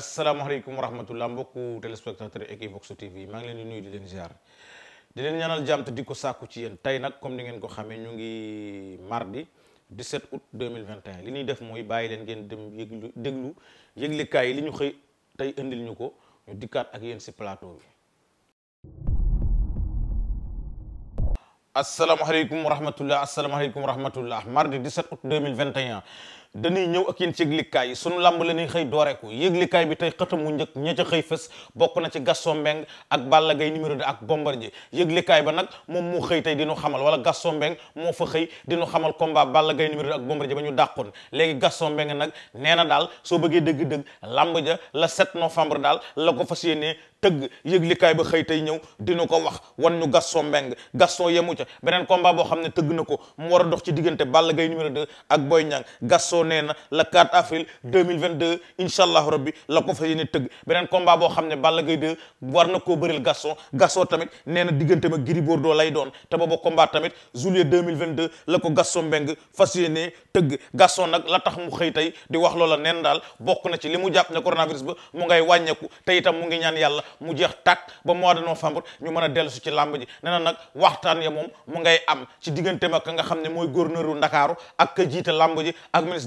asalaamaaleykum wa rahmatullah mbokku téléspectateur Equivox TV maa ngi leen di nuyu di leen ziar di leen ñaanal jàmm te di ko sàkku ci yéen tey nag comme ni ngeen ko xamee ñu ngi mardi 17 août 2021 li ñuy def mooy bàyyi leen ngeen dem yëglu déglu yëglikaay yi li ñu xëy tey indil ñu ko ñu dikkaat ak yéen si plateau bi. asalaamaaleykum wa rahmatullah asalaamaaleykum wa rahmatullah mardi 17 août 2021. dañuy ñëw ak yéen ci yëglikaay yi sunu lamb la ñuy xëy dooreeku yëglikaay bi tey xëtam mu njëkk ña ca xëy fës bokk na ci Gaston Mbengue ak Balla Gaye numéro de ak Bombardier yëglikaay ba nag moom moo xëy tey dinu xamal wala Gaston Mbengue moo fa xëy dinu xamal combat Balla Gaye numéro 2 ak Bombardier ba ñu dàqoon léegi Gaston Mbengue nag nee na daal soo bëggee dëgg-dëgg lamb ja la 7 novembre daal la ko fas yéenee tëgg yëglikaay ba xëy tey ñëw dina ko wax wan ñu Gaston Mbengue Gaston yemu ca beneen combat boo xam ne tëgg na ko mu war a dox ci diggante Balla Gaye numéro 2 ak Boy Niang Gaston Sow nee na le 4 avril 2022 incha allahu rabbi la ko fa yéene tëgg beneen combat boo xam ne Balla Gaye 2 war na koo bëril Gaston Gaston tamit nee na diggante ma Gris Bordeaux lay doon te booba combat tamit juillet 2022 la ko Gaston Mbengue fas yéene tëgg Gaston nag la tax mu xëy tey di wax loola neen daal bokk na ci li mu jàpp ne coronavirus ba mu ngay wàññeeku te itam mu ngi ñaan yàlla mu jeex tàkk ba mois de novembre ñu mën a dellu si ci làmb ji nee na nag waxtaan ya moom mu ngay am ci diggante ma ka nga xam ne mooy gouverneur u Ndakaaru ak ka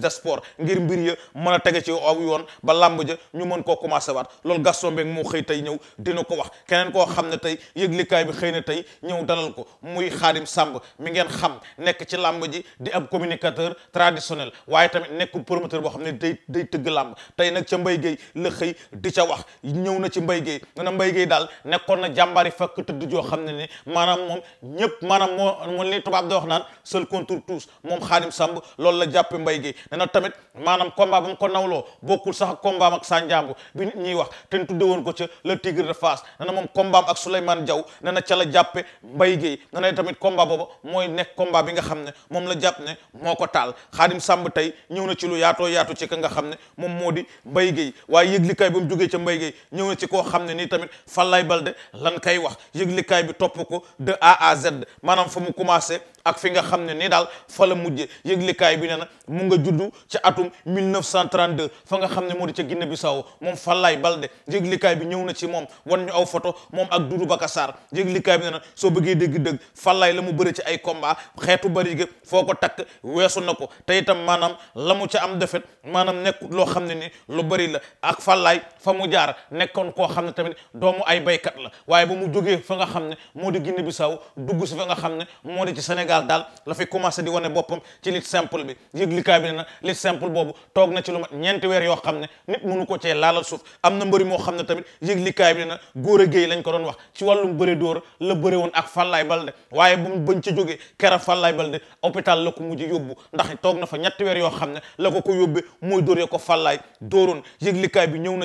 de sport ngir mbir ya mën a tege ci aw yoon ba làmb ja ñu mën koo commencé waat loolu Gaston Mbengue moo xëy tey ñëw dina ko wax keneen koo xam ne tey yëglikaay bi xëy na tey ñëw dalal ko muy Xaadim Samb mi ngeen xam nekk ci làmb ji di ab communicateur traditionnel waaye tamit nekk promoteur boo xam ne day day tëgg làmb tey nag ca mbay Guèye la xëy di ca wax ñëw na ci Mbaye Guèye na mbay Guèye daal nekkoon na jàmbari fakk tëdd joo xam ne ne maanaam moom ñëpp maanaam moo moo li tubaab wax naan seul contre tous moom Xaadim Samb loolu la jàppe Mbaye Guèye nee na tamit maanaam combat ba mu ko nawloo bokkul sax ak combat am ak Sanjango bi nit wax te ñu tudde ko ca le tigre de Fass nee na moom combat am ak Souleymane jaw nee na ca la jàppe Mbaye Guèye nee na tamit combat booba mooy nekk combat bi nga xam ne moom la jàpp ne moo ko taal Xaadim Samb tey ñëw na ci lu yaatoo yaatu ci ka nga xam ne moom moo di Mbaye Guèye waaye yëglikaay ba mu jógee ca Mbaye Guèye ñëw ci koo xam ne nii tamit Falaye Balde lan kay wax yëglikaay bi topp ko de A à Z maanaam fa mu commencé ak fi nga xam ne ni daal fa la mujje yëglikaay bi ne na mu nga juddu ci atum 1932 fa nga xam ne moo di ca Guinée Bissau moom Falaye Balde yëglikaay bi ñëw na ci moom wan ñu aw foto moom ak Doudou Bakassar yëglikaay bi ne soo bëggee dégg dëgg Falaye la mu bëre ci ay combat xeetu bëri gi foo ko takk weesu na ko tey itam maanaam la mu ca am defet maanaam nekkut loo xam ne ni lu bëri la ak Falaye fa mu jaar nekkoon koo xam ne tamit doomu ay baykat la waaye ba mu jógee fa nga xam ne moo di Guinée Bissau dugg si fa nga xam ne moo di ci Sénégal Sénégal daal la fi commencé di wane boppam ci lutte simple bi yëglikaay bi ne na lutte simple boobu toog na ci lu mat ñeenti weer yoo xam ne nit mënu ko cee laalal suuf am na mbëri moo xam ne tamit yëglikaay bi ne na góor a géey lañ ko doon wax ci wàllum bëre dóor la bëre woon ak Fallaye Balde waaye bu bañ ca jógee kera Fallaye Balde hôpital la ko mujj yóbbu ndax toog na fa ñetti weer yoo xam ne la ko ko yóbbee mooy dóor ya ko Fallaye dóoroon yëglikaay bi ñëw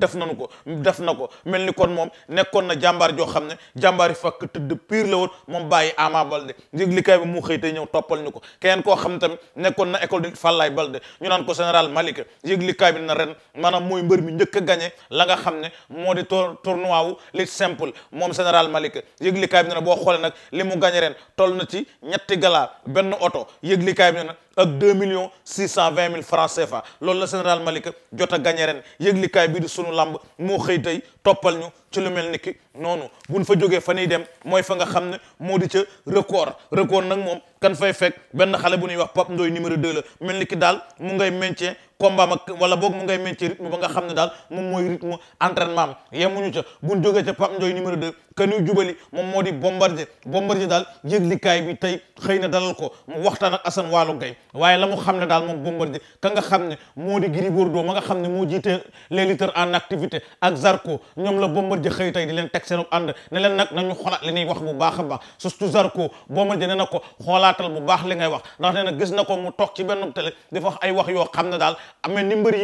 def nañu ko def na ko mel ni kon moom nekkoon na jàmbaar joo xam ne jàmbaari fakk tëdd pire la woon moom bàyyi Ama Balde yëglikaay bi mu xëy ñëw toppal ñu ko keneen koo xam tamit nekkoon na école de Fallaye Balde ñu naan ko général Malick yëglikaay bi na ren maanaam mooy mbër mi njëkk a gagné la nga xam ne moo di tournoi wu li simple moom général Malick yëglikaay bi na boo xoolee nag li mu gagné ren toll na ci ñetti gala benn oto yëglikaay bi na ak deux millions six cent vingt mille francs CFA loolu la général Malika jot a gagné ren yëglikaay bii di sunu lamb moo xëy tey toppal ñu ci lu mel ni ki noonu buñ fa jógee fa ñuy dem mooy fa nga xam ne moo di ca record record nag moom kan fay fekk benn xale bu ñuy wax Pape Ndoye numéro 2 la mel ni ki daal mu ngay maintien combat mag wala boog mu ngay mencee rythme ba nga xam ne daal moom mooy rythme entraînement am yemuñu ca buñ jógee ca Pape Ndoye numéro 2 ka ñuy jubali moom moo di bombardier bombardier daal yëglikaay bi tey xëy na dalal ko mu waxtaan ak Assane Walu Gaye waaye la mu xam ne daal moom bombardier ka nga xam ne moo di Gris Bordeaux ma nga xam ne moo jiite les lutteurs en activité ak Zarko Bombardier xëy tey wax bu baax a baax surtout Zarko Bombardier ne na ko xoolaatal wax ndax na mu toog ci benn wax wax yoo xam ne daal amee ni mbër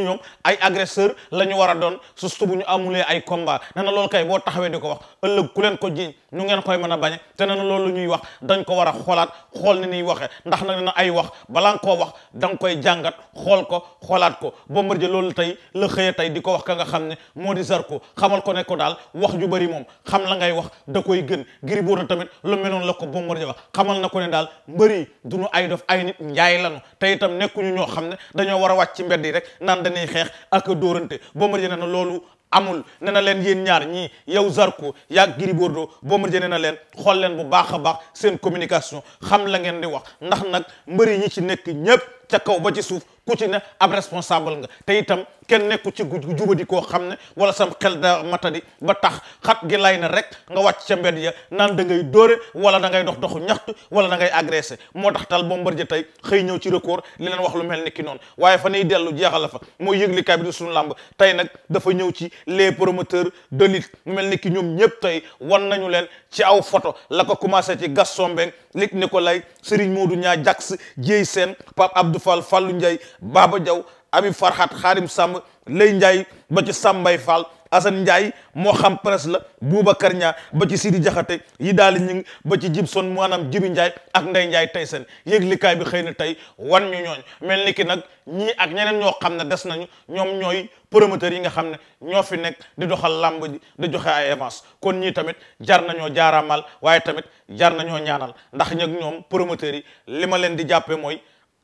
la ñu war a doon surtout bu ñu amulee ay combat nee na loolu kay boo taxawee di ko wax ëllëg ku leen ko jiiñ nu ngeen koy mën a bañe te nee na loolu ñuy wax dañ ko war a xoolaat xool ni ñuy waxee ndax nag na ay wax balaa nga koo wax da nga koy jàngat xool ko xoolaat ko Bombardier loolu tey la xëyee tey di ko wax ka nga xam ne moo di Zarko xamal ko ne daal wax ju bari moom xam la ngay wax da koy gën Gris Bordeaux tamit lu mel noonu la ko Bombardier wax xamal na ko ne daal mbëri du ñu ay dof ay nit njaay lanu te itam nekkuñu ñoo xam ne dañoo war a wàcc ci mbedd yi rek naan danay xeex ak dóorante Bombardier nee na loolu amul ne na leen yéen ñaar ñi yow Zarko yaag Gris Bordeaux Bombardier nee na leen xool leen bu baax a baax seen communication xam la ngeen di wax ndax nag mbëri ñi ci nekk ñépp ca kaw ba ci suuf ku ci ne ab responsable nga te itam kenn nekku ci jubadi koo xam ne wala sam xel da matadi ba tax xat gi lay na rek nga wàcc ca mbedd ya naan da ngay dóore wala da dox doxu ñaxtu wala da ngay agressé moo tax tal ja tey xëy ñëw ci record li leen wax lu mel ni ki noonu waaye fa nay dellu jeexal la fa mooy yëglikaay bi di suñu làmb tey nag dafa ñëw ci les promoteurs de mel ni ki ñoom ñëpp tey wan nañu leen ci aw photo la ko commencé ci Gaston Luc Nicolaï Serigne Modou Niang Jax Dieye Sène Pape Abdou Fall Fallou Ndiaye Baba Diaw Ami Farhat Xaadim Samb Lay Ndiaye ba Sambay Fall Assane Ndiaye moo xam presse la Boubacar Niang ba ci Sidi Diakhaté yi daali ñi ba ci Gibson maanaam Jibi Ndiaye ak Ndeye Ndiaye tey seen yëglikaay bi xëy na tey wan ñu ñooñ mel ni ki nag ñii ak ñeneen ñoo xam ne des nañu ñoom ñooy promoteurs yi nga xam ne ñoo fi nekk di doxal làmb di joxe ay avance kon ñii tamit jar nañoo jaaraamal waaye tamit jar nañoo ñaanal ndax ñag ñoom promoteurs yi li ma leen di jàppee mooy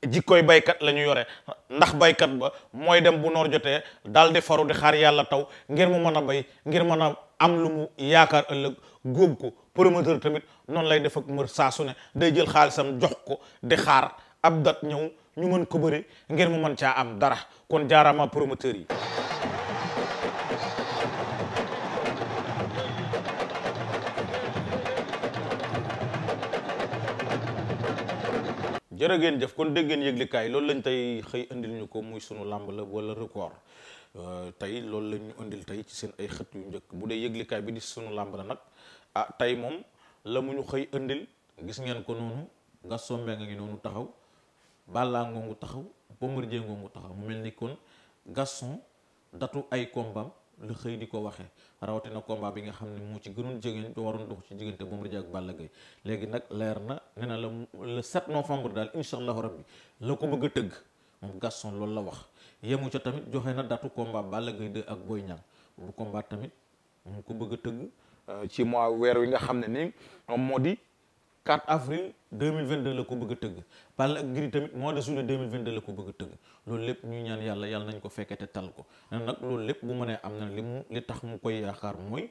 jikkoy baykat la ñu yore ndax baykat ba mooy dem bu noor jotee daal di faru di xaar yàlla taw ngir mu mën a bay ngir mën a am lu mu yaakaar ëllëg góob ko promoteur tamit noon lay def ak mër saa su ne day jël xaalisam jox ko di xaar ab dat ñëw ñu mën ko bëri ngir mu mën caa am dara kon jaaraama promoteur yi jërë ngeen jëf kon dégg ngeen yëglikaay loolu lañu tey xëy indil ñu ko muy sunu làmb la wala record euh, tey loolu lañ ñu indil tey ci seen ay xët yu njëkk bu dee yëglikaay bi di sunu làmb la nag ah tey moom la mu ñu xëy indil gis ngeen ko noonu Gaston Mbengue ngi noonu taxaw Balla Ngongu taxaw Bombardier Ngongu taxaw mu mel ni kon Gaston datu ay kombam la xëy di ko waxee rawatina combat bi nga xam ne mu ci gënoon jigéen waroon dox ci diggante Bombardier ak Balla Gaye léegi nag leer na nee na la le 7 novembre daal incha allahu rabbi la ko bëgg a tëgg mu Gaston loolu la wax yemu ca tamit joxe na datu komba Balla gay 2 ak Boy Niang bu combat tamit mu ko bëgg a tëgg euh, ci mois weer wi nga xam ne ni moo di 4 avril 2022 la ko bëgg a tëgg Balla ak Gris tamit mois de juillet 2022 la ko bëgg a tëgg loolu lépp ñuy ñaan yàlla yàlla nañ ko fekkee te tal ko nag loolu lépp bu mënee am na li mu li tax mu koy yaakaar mooy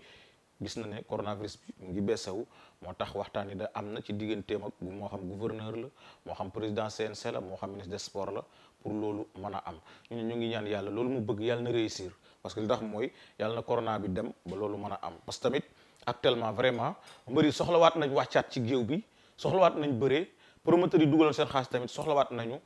gis na ne coronavirus bi mu ngi sew moo tax waxtaan yi da am na ci digganteem ak moo xam gouverneur la moo xam président CNC la moo xam ministre des la pour loolu mën a am ñu ñu ngi ñaan yàlla loolu mu bëgg yàlla na réussir que li mooy yàlla na corona bi dem ba loolu mën a am parce tamit. actuellement vraiment mbër soxlawaat nañ wàccaat ci géew bi soxlawaat nañ bëree promoteurs yi dugaloon seen xaalis tamit soxlawaat nañu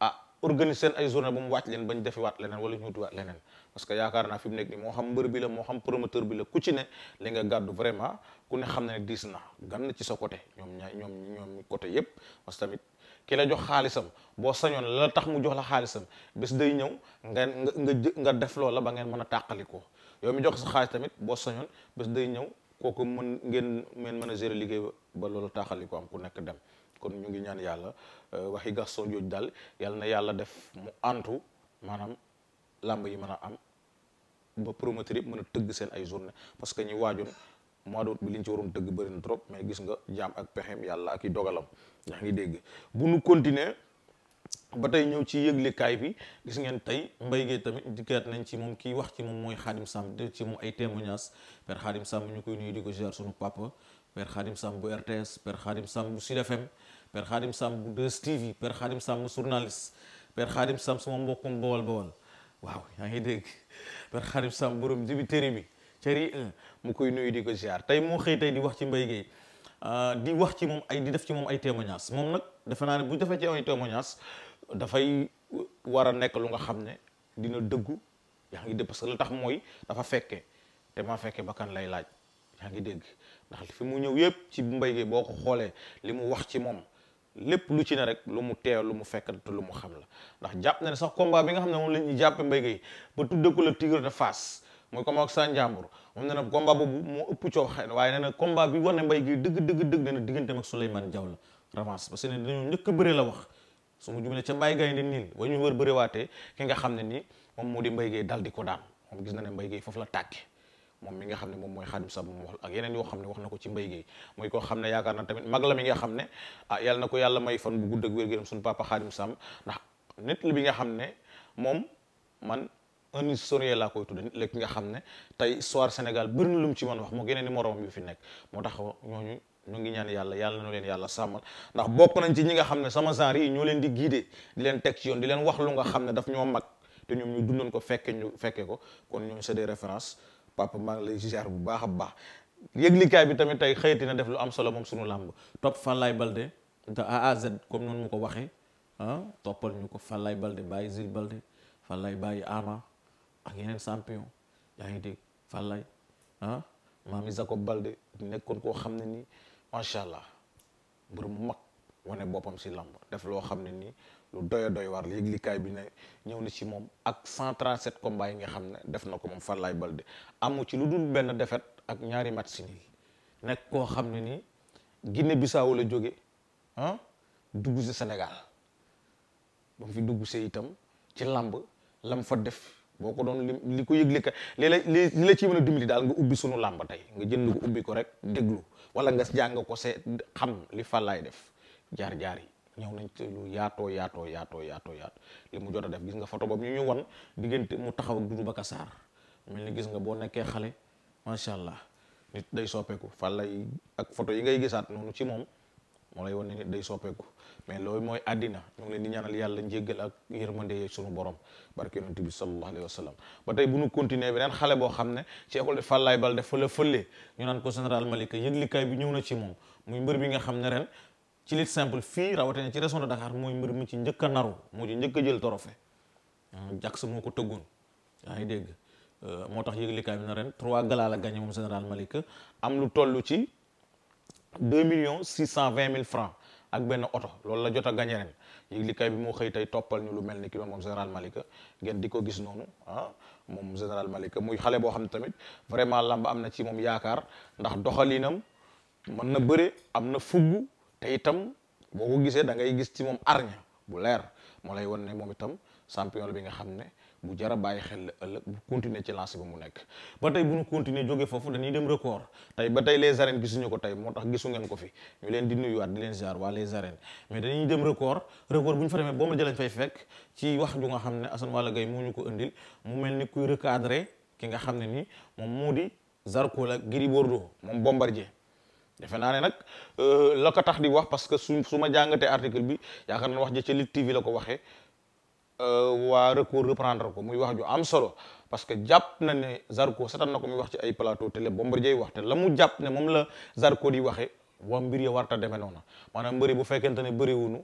ah organiser seen ay journée ba mu wàcc leen bañ defiwaat leneen wala ñu diwaat leneen parce que yaakaar naa fi mu nekk nii moo xam mbër bi la moo xam promoteur bi la ku ci ne nga gàddu vraiment ku ne xam na ne diis na gan na ci sa côté ñoom ñaar ñoom ñoom côté yépp parce que tamit ki la jox xaalisam boo sañoon la tax mu jox la xaalisam bés day ñëw nga nga nga def loola ba ngeen mën a tàqali ko yow mi jox sa xaalis tamit boo sañoon bés day ñëw kooku mën ngeen meen mën a gérer liggéey ba loolu taaxal yi ko am ku nekk dem kon ñu ngi ñaan yàlla euh, waxi Gaston jooju daal yàlla na yàlla def mu antu maanaam làmb yi mën a am ba promoteur mën a tëgg seen ay journée parce que ñi waajoon mois d'août bi liñ ci waroon tëgg bëri na trop mais gis nga jaam ak pexeem yàlla ak i dogalam yaa dégg bu nu continuer ba tey ñëw ci yëglekaay bi gis ngeen tey mbay Gueye tamit dikkaat nañ ci moom kii wax ci moom mooy Khadim sam de ay témoignages Père Khadim Samb ñu koy di ko ziar sunu papa Père Khadim Samb bu RTS Père Khadim Samb bu bu 2STV Père Khadim Samb bu journaliste Père Khadim Samb sama mbokkum bawal bawal waaw yaa ngi dégg Père Khadim borom jibi téri bi cëri mu koy nuyu di ko ziar tey moo xëy tey wax ci Mbaye Gueye ah, di wax ci moom ay di def ci moom ay témoignages moom nag defe naa ne bu defee ci ay témoignages dafay war a nekk lu nga xam ne dina dëggu yaa ngi dégg parce que tax mooy dafa fekke te maa fekke bakkan lay laaj yaa ngi dégg ndax fi mu ñëw yëpp ci mbay gi boo ko xoolee li mu wax ci moom lépp lu ci ne rek lu mu teew lu mu fekk te lu mu xam la ndax jàpp na ne sax combat bi nga xam ne moom la ñuy jàppe mbay gi ba tudde ko la tigre de face mooy combat ak ne na combat boobu moo ëpp coow xëy na waaye ne na combat bi war ne mbay gi dëgg dëgg dëgg nee na digganteem ak Souleymane Diaw la revanche parce que ne dañoo njëkk a la wax su ma jublee ca mbay Gaynde niil wa ñu wër bëriwaatee ki nga xam ne ni moom moo di mbay Guèye dal di ko daan moom gis na ne Mbaye Guèye foofu la tàkke moom mi nga xam ne moom mooy xaadim sa moom ak yeneen yoo xam ne wax na ko ci Mbaye Guèye muy koo xam ne yaakaar na tamit mag la mi nga xam ne ah ko yàlla may fan bu gudd ak wér-gu-yaram suñu papa xaadim sam ndax nit bi nga xam ne moom man un historien laa koy tudde nit la ki nga xam ne tey soir Sénégal bëri lu mu ci mën wax moo yeneen i moroomam yu fi nekk moo tax ñooñu ñu ngi ñaan yàlla yàlla nu leen yàlla sàmmal ndax bokk nañ ci ñi nga xam ne sama genre yi ñoo leen di guider di leen teg ci yoon di leen wax nga xam ne daf ñoo mag te ñoom ñu dundoon ko fekke ko kon ñoom c'est des références papa maa ngi lay ziar bu baax a baax yëglikaay bi tamit tey xëyati na def lu am solo moom suñu làmb topp Falaye Balde de A à Z comme noonu mu ko waxee ah toppal ñu ko Falaye Balde bàyyi Zil Balde Falaye bàyyi Ama ak yeneen champion yaa ngi di Falaye ah maami Jacob Balde nekkoon koo xam ne nii macha allah mbër mu mag wane boppam si lamb def loo xam ne nii lu doy doy war léegi bi ne ñëw na si moom ak 137 combats yi nga xam ne def na ko moom Falaye Baldé amu ci lu dul benn defet ak ñaari match si nii nekk koo xam ne nii Guinée Bissau la jóge ah, dugg si Sénégal ba fi dugg see itam ci lamb lam fa def. boo ko doon li ko yëgle ka léeg-léeg li la ci mën a dimbali daal nga ubbi sunu làmb tey nga jënd ko ubbi ko rek déglu wala nga jàng ko seet xam li Falaye def jaar jaari yi ñëw nañ ci lu yaatoo yaatoo yaatoo yaatoo yaatoo li mu jot a def gis nga photo boobu ñu ñu wan diggante mu taxaw ak Doudou Bakassar mel ne gis nga boo nekkee xale macha allah nit day soppeeku Falaye ak photo yi ngay gisaat noonu ci moom moo lay wane nit day soppeeku mais loolu mooy àddina ñu leen di ñaanal yàlla njéggal ak yërmande sunu borom barke yonent bi sallallahu alayhi ba tey bu ñu continuer beneen xale boo xam ne ci école de Fallaye Baldé fa la fële ñu naan ko général Malika yëglikaay bi ñëw na ci moom xam ne ren ci lit simple fii rawatina ci région de Dakar mooy mbër mi ci njëkk a naru moo ci njëkk a jël trophée ah, Jax moo ko tëggoon yaa ngi dégg euh, moo tax yëglikaay bi na ren trois gala la gagné moom général Malika am lu toll ci deux millions six cent vingt mille francs ak benn oto loolu la jot a gagné ren yëglikaay bi moo xëy tey toppal ñu lu mel ni ki doon moom général Malika ngeen di ko gis noonu ah moom général Malika muy xale boo xam ne tamit vraiment lamb am na ci moom yaakaar ndax doxalinam mën na bëre am na fugg te itam boo ko gisee da ngay gis ci moom arña bu leer moo lay wan ne moom itam champion bi nga xam ne bu jara bàyyi xel la ëllëg bu ci lancé bi mu nekk ba tey bu ñu continuer joge foofu dañuy dem record tey ba tey les arènes gisuñu ko tey moo tax gisu ngeen ko fi ñu leen di nuyuwaat di leen ziar waa les arènes mais dañuy dem record record bu ñu fa demee boo ma jëlañ fay fekk wax ju nga xam ne Assane Walla Gaye moo ñu ko indil mu mel ni kuy recadré ki nga xam ne nii moom moo di Zarko la Gris Bordeaux moom Bombardier defe naa ne nag euh, la ko tax di wax parce que su su ma jàngatee article bi yaakaar naa wax ja ca Lutte TV la ko waxee Euh, waa recours reprendre ko muy wax ju am solo parce que jàpp na ne Zarko setan na ko muy wax ci ay plateau télé Bombardier wax te la mu jàpp ne moom la Zarko di waxe waa mbir ya warta demee noonu maanaam mbëri bu fekkente ne bëri wunu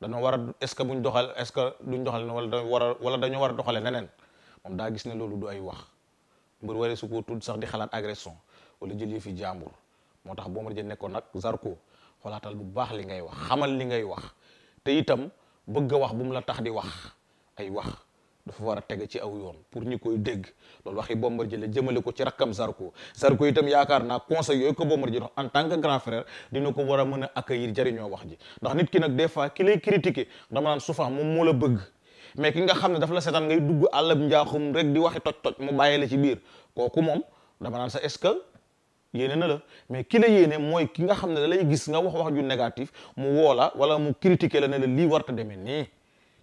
war a ce que buñ doxal est ce que duñ doxal ne wala a wala dañoo war a doxale moom daa gis ne loolu du ay wax mbër waree su ko tudd sax di xalaat agression wala jël yëf yi jàmbur moo tax Bombardier nekkoon nag Zarko xolaatal bu baax li ngay wax xamal li ngay wax te itam bëgg a wax bu mu la tax di wax ay wax dafa war a teg ci aw yoon pour ñu koy dégg loolu waxi Bombardier la jëmale ko ci rakkam Zarko Zarko itam yaakaar naa conseil yooyu ko Bombardier dox en tant que grand frère dina ko war a mën a accueillir jariñoo wax ji ndax nit ki nag des fois ki lay critiquer dama naan souvent moom moo la bëgg mais ki nga xam ne daf la seetaan ngay dugg àllab njaaxum rek di waxi toj toj mu bàyyi la ci biir kooku moom dama naan sa est-ce que yéene na la mais ki la yéene mooy ki nga xam ne da lay gis nga wax wax ju négatif mu woola wala mu critiquer la ne la warta demee nii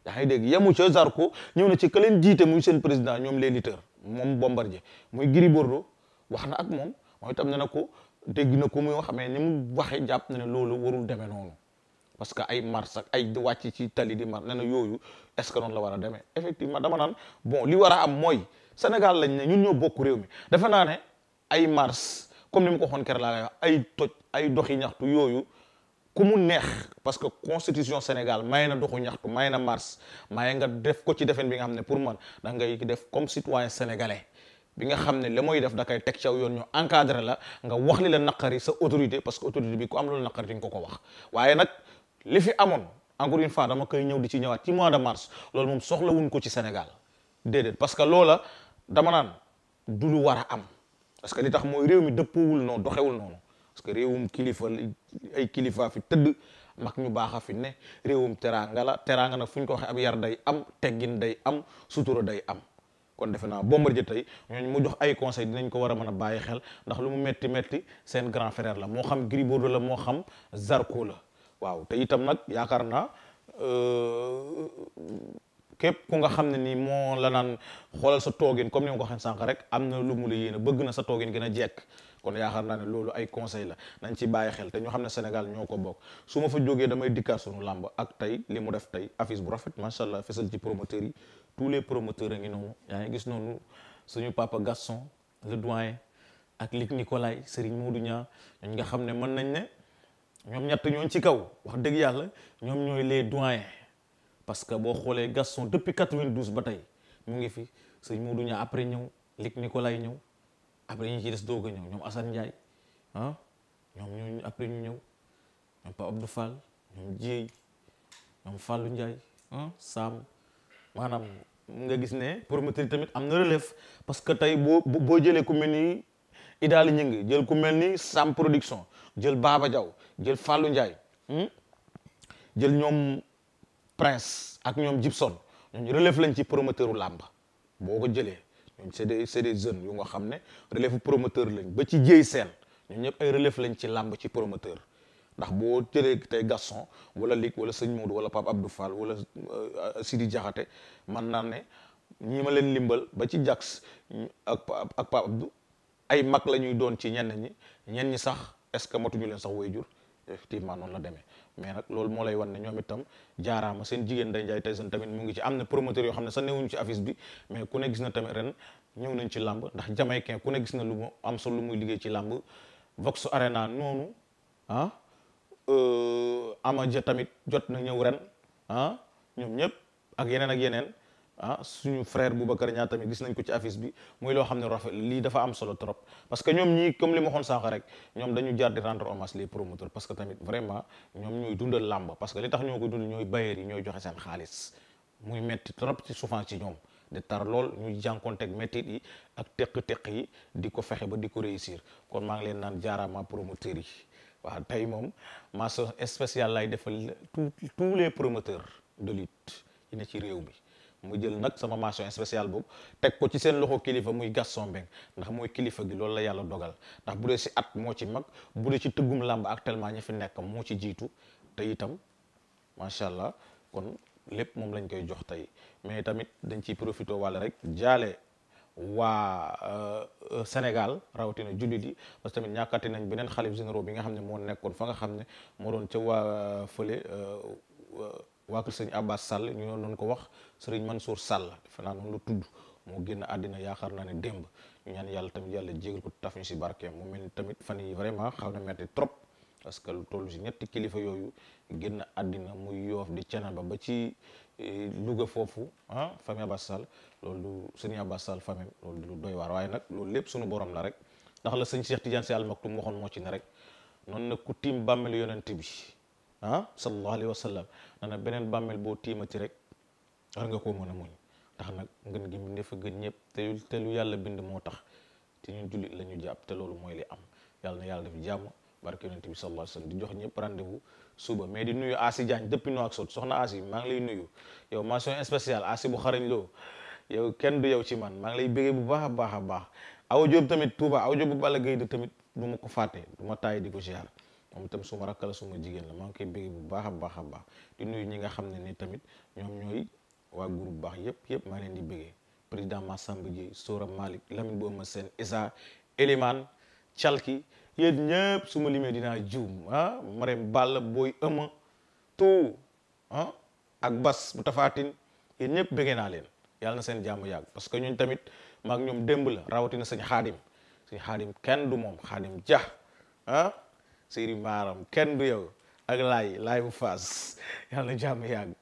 yaa dégg yemu ca Zarko ñëw na ci ka leen jiite muy seen président ñoom les lutteurs moom Bombardier muy Gris Bordeaux wax na ak moom mooy itam ne na ko dégg na ko muy xamee ni mu waxee jàpp na ne loolu warul demee noonu parce que ay mars ak ay wàcc ci tali di mar ne na yooyu est-ce que noonu la war a demee effectivement dama naan bon li war a am mooy Sénégal lañ ne ñun ñoo bokk réew mi defe naa ne ay mars comme ni mu ko waxoon keroog laa lay wax ay toj ay doxi ñaxtu yooyu ku mu neex parce que constitution Sénégal maye na doxu ñaxtu may na mars may nga def ko ci defen bi nga xam ne pour man da ngay def comme citoyen sénégalais bi nga xam ne la mooy def da koy teg caw yoon ñoo encadré la nga wax li la naqari sa autorité parce que autorité bi ku am loolu naqari di nga ko ko wax waaye nag li fi amoon encore une fois dama koy ñëw di ci ñëwaat ci mois de mars loolu moom soxlawuñ ko ci Sénégal déedéet parce que loola dama naan du war a am parce que li tax mooy réew mi dëppoowul noonu doxewul noonu parce que réewum kilifa ay kilifaa fi tëdd mag ñu baax a fi ne réewum teraanga la teraanga nag fu ñu ko waxee ab yar day am teggin day am sutura day am kon defe naa Bombardier tey mu jox ay conseil dinañ ko war a mën a bàyyi xel ndax lu mu metti metti seen la moo xam Gris Bordeaux la moo xam Zarko la waaw te itam nag yaakaar naa euh, képp ku nga xam ne nii moo la naan xoolal sa toogin comme ni sànq rek am na lu mu la yéene bëgg na sa toogin gën a jekk kon xam naa ne loolu ay conseil la nañ ci bàyyi xel te ñu xam ne Sénégal ñoo ko bokk su ma fa jógee damay dikkaat sunu làmb ak tey li mu def tey affiche bu rafet macha allah fesal ci promoteurs yi tous les promoteurs a ngi noonu yaa ngi gis noonu suñu papa Gaston le doyen ak Luc Nicolaï Serigne Modou Niang ñooñ nga xam ne mën nañ ne ñoom ñett ñooñ ci kaw wax dëgg yàlla ñoom ñooy les doyens parce que boo xoolee Gaston depuis 92 ba tey mu ngi fi Serigne Modou Niang après ñëw Luc Nicolaï ñëw après ñi ci des doog a ñëw ñoom Assane Ndiaye ah ñoom ñooñu après ñëw ñoom Pape Abdou Fall ñoom Dieye ñoom Fallou Ndiaye ah, gis ne promoteur tamit am na relève parce que tey boo boo jëlee ku mel ni Idaali Ñing jël ku mel ni Sam production jël Baba jaw jël Fallou njaay hmm, jël ñoom Prince ak ñoom Gibson ñooñu relève lañ ci promoteur u làmb boo ko jëlee c'est des c'est des jeunes yu nga xam ne relève promoteur lañ ba ci jéey seen ñoo ñëpp ay relève lañ ci làmb ci promoteur ndax boo jëlee tey Gaston wala Ligue wala Sëñ Modou wala Pape Abdou Fall wala euh, Sidi Diakhaté man naa ne ñi ma leen limbal ba ci Jax ak ak Pape ay mag la ñuy doon ci ñenn ñi ñenn ñi sax est-ce que matuñu leen sax waajur effectivement noonu la demee mais nag loolu moo lay wan ne ñoom itam jaaraama seen jigéen day njaay Tyson tamit mu ngi ci am na promoteur yoo xam ne sax newuñu ci affiche bi mais ku ne gis na tamit ren ñëw nañ ci làmb ndax jamaïcain ku ne gis na lu mu am solo lu muy liggéey ci làmb Vox Arena noonu ah euh, Ama ja tamit jot na ñëw ren ah ñoom ñëpp ak yeneen ak yeneen ah suñu frère Boubacar ñaa tamit gis nañ ko ci affiche bi muy loo xam ne rafet lii dafa am solo trop parce que ñoom ñii comme li ma xoon sànq rek ñoom dañu jaar di rendre hommage les promoteurs parce que tamit vraiment ñoom ñooy dundal làmb parce que li tax ñoo ko dund ñooy bailleurs yi ñooy joxe seen xaalis muy metti trop ci souvent ci ñoom de tar lool ñuy jànkonteeg mettit yi ak teq-teq yi di ko fexe ba di ko réussir kon maa ngi leen naan jaaraama promoteurs yi waaw tey moom mention lay defal tous les promoteurs de lutte ci réew mi mu jël nag sama mention spéciale boobu teg ko ci seen loxo kilifa muy Gaston Mbengue ndax mooy kilifa gi loolu la yàlla dogal ndax bu dee si at moo ci mag bu dee ci tëggum làmb actuellement ña fi nekk moo ci jiitu te itam macha allah kon lépp moom lañ koy jox tey mais tamit dañ ciy profité walla rek jaale waa euh, euh, Sénégal rawatina jullit yi parce que tamit ñàkkati nañ beneen xalif généraux bi nga xam ne moo nekkoon fa nga xam ne moo doon ca waa euh, fële. waa kër sëñ Abbas Sall ñu yoon doon ko wax sëriñ man soor defe naa noonu la tudd moo génn àddina yaakaar naa ne démb ñu ñaan yàlla tamit yàlla jégal ko taf ñu si barkeem mu mel ni tamit fan yi vraiment xaw na metti trop parce que lu toll si ñetti kilifa yooyu génn àddina muy yoof di Thiénaba ba ci eh, Louga foofu ah famille Abbas Sall loolu du sëñ Abbas Sall famille loolu lu doy waar waaye nag loolu lépp suñu borom la rek ndax la sëñ Cheikh Tidiane Sy Al Maktoum waxoon moo ci ne rek noonu na ku tiim bàmmeelu yonent bi ah sallallahu alayhi wa sallam nana beneen bàmmeel boo tiima ci rek war nga koo mën a muñ ndax nag ngën gi mbindee fa gën ñëpp te te lu yàlla bind moo tax te ñun jullit la ñu jàpp te loolu mooy li am yàlla na yàlla def jàmm barke yonent bi sallallahu alayhi di jox ñëpp rendez suba mais di nuyu Asi Diagne depuis noo ak sot soxna Asi maa ngi lay nuyu yow mention spéciale Asi bu xarañ loo yow kenn du yow ci man maa ngi lay béggee bu baax a baax a baax aw Jóob tamit Touba aw Jóob bu Balla Gaye tamit du ma ko fàtte du ma taay di ko ziar moom tamit suma rakk la suma jigéen la maa ngi koy bëgg bu baax a baax a baax di nuyu ñi nga xam ne nii tamit ñoom ñooy waa groupe baax yëpp yëpp maa leen di bëggee président Massamba Dieye Sora Malick Lamine Bouma seen Issa Elimane Calki yéen ñëpp su ma limee dinaa juum ah Marème Ball booy ëma tout ah, ak Bas mu tafaatin yéen ñëpp bëggee naa leen yàlla na seen jàmm yàgg parce que ñun tamit maak ñoom demb la rawatina sëñ xaadim sëñ xaadim kenn du moom xaadim ja Seydi maram kenn du yow ak lay lay bu fas yàlla na jàmm yàgg